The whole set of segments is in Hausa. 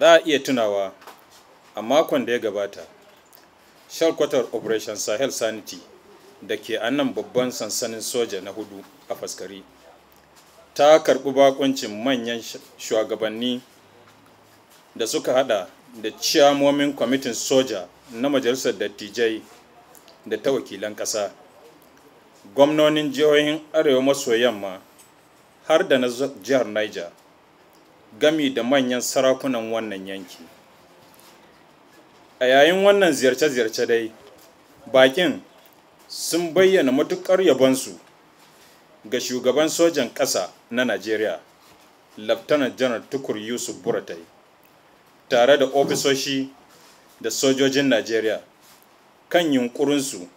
za a iya tunawa a makon da ya gabata shalkwatar operation sahel sanity da ke annan babban sansanin soja na hudu a faskari ta karɓi bakuncin manyan shugabanni da suka hada da ciyamomin kwamitin soja na majalisar dattijai da ta wakilan ƙasa gwamnonin jihohin arewa maso yamma har da na jihar niger gami da manyan sarakunan wannan yanki a yayin wannan ziyarce-ziyarce dai bakin sun bayyana matukar yabonsu ga shugaban sojan ƙasa na najeriya lieutenant janar tukur yusuf buratai tare da ofisoshi da sojojin najeriya kan yunkurinsu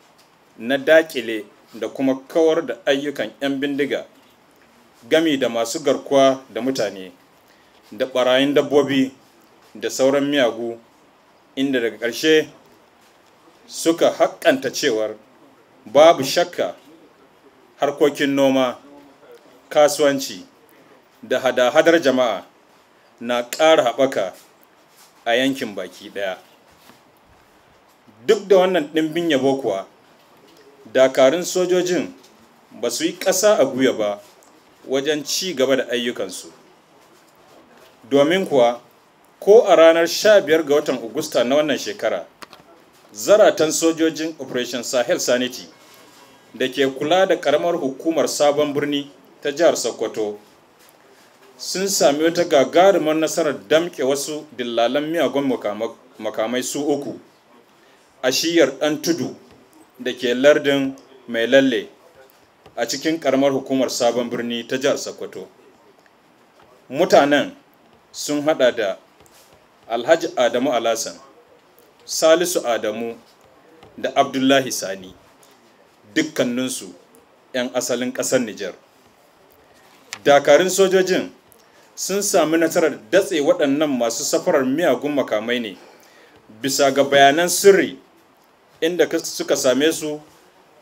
na dakile da kuma kawar da ayyukan 'yan bindiga gami da masu garkuwa da mutane da ɓarayin dabbobi da sauran miyagu inda daga ƙarshe suka haƙƙanta cewar babu shakka harkokin noma kasuwanci da hada-hadar jama'a na ƙara haɓaka a yankin baki ɗaya duk da wannan ɗimbin yabo kuwa dakarun sojojin ba su yi ƙasa a guya ba wajen ci gaba da ayyukansu domin kuwa ko a ranar 15 ga watan Agusta na wannan shekara, zaratan sojojin Operation Sahel Sanity da ke kula da karamar hukumar sabon birni ta jihar Sokoto sun sami wata gagarumar nasarar damke wasu dillalan miyagun makamai su uku a shiyar ɗan tudu da ke lardin mai lalle a cikin karamar hukumar sabon birni ta jihar Sokoto. Mutanen sun hada da alhaji adamu alasan salisu adamu da abdullahi sani dukkaninsu 'yan asalin ƙasar nijar dakarun sojojin sun sami nasarar datse waɗannan masu safarar miyagun makamai ne bisa ga bayanan sirri inda suka same su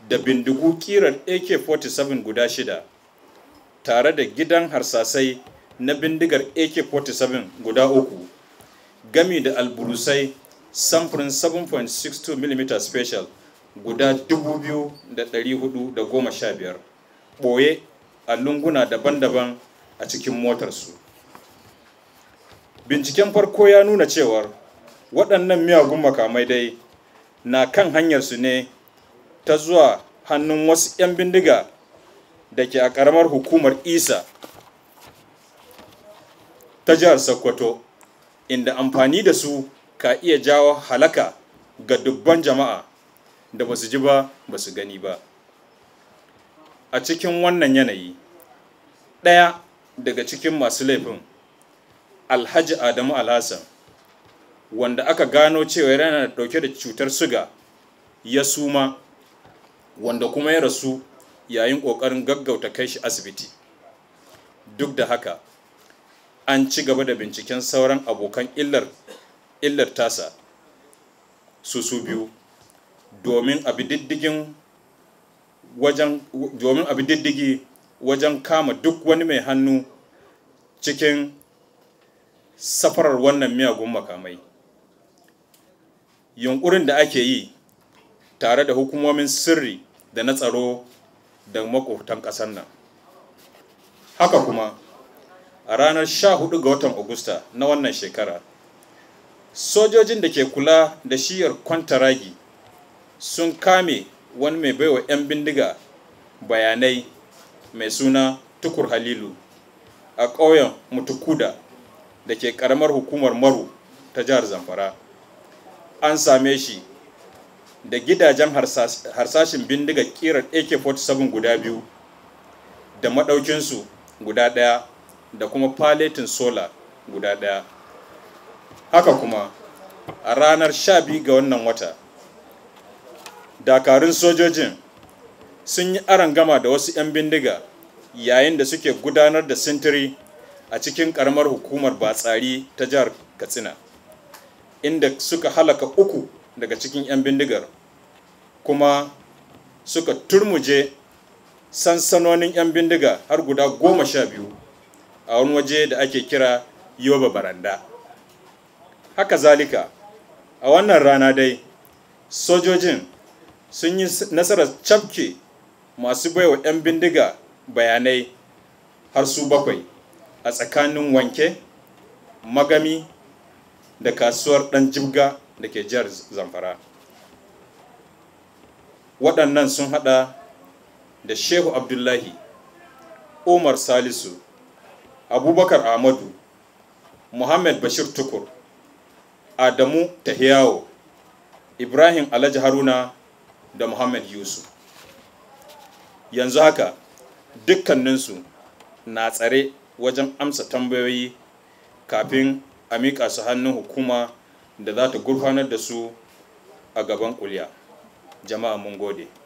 da bindigu kirar ak-47 guda shida tare da gidan harsasai na bindigar AK-47 guda uku gami da alburusai samfurin 7.62 mm special guda 2,415 ɓoye a lunguna daban-daban a cikin motarsu. Binciken farko ya nuna cewar waɗannan miyagun makamai dai na kan hanyarsu ne ta zuwa hannun wasu 'yan bindiga da ke a ƙaramar hukumar isa ta jihar Sokoto inda amfani da su ka iya jawo halaka ga dubban jama'a da ba su ji ba su gani ba a cikin wannan yanayi ɗaya daga cikin masu laifin alhaji adamu alhassan wanda aka gano cewa yana ɗauke da cutar suga ya suma wanda kuma ya rasu yayin ƙoƙarin gaggauta kai shi asibiti duk da haka an ci gaba da binciken sauran abokan illar illar tasa su su biyu domin abi diddigin wajen diddigi wajen kama duk wani mai hannu cikin safarar wannan miyagun makamai yunkurin da ake yi tare da hukumomin sirri da na tsaro da makwabtan ƙasar nan haka kuma a ranar 14 ga watan Agusta na wannan shekara. Sojojin da ke kula da shiyar kwantaragi sun kame wani mai baiwa 'yan bindiga bayanai mai suna Tukur Halilu a ƙauyen Mutukuda da ke ƙaramar hukumar Maru ta jihar Zamfara. An same shi da gidajen harsashin bindiga ƙirar AK-47 guda biyu da maɗaukinsu guda ɗaya da kuma paletin sola guda ɗaya haka kuma a ranar 12 ga wannan wata dakarun sojojin sun yi gama da wasu 'yan bindiga yayin da suke gudanar da sintiri a cikin karamar hukumar batsari ta jihar katsina inda suka halaka uku daga cikin 'yan bindigar kuma suka turmuje sansanonin 'yan bindiga har guda goma sha biyu a wani waje da ake kira yoba baranda haka zalika a wannan rana dai sojojin sun yi nasarar cafke masu baiwa 'yan bindiga bayanai har su bakwai a tsakanin wanke magami da kasuwar ɗan jibga da ke jihar zamfara waɗannan sun haɗa da shehu abdullahi umar salisu abubakar ahmadu muhammad bashir tukur adamu tahiyawo ibrahim alhaji haruna da muhammad yusuf yanzu haka dukkaninsu na tsare wajen amsa tambayoyi kafin a miƙa su hannun hukuma da za ta gurfanar da su a gaban kuliya jama'a mun gode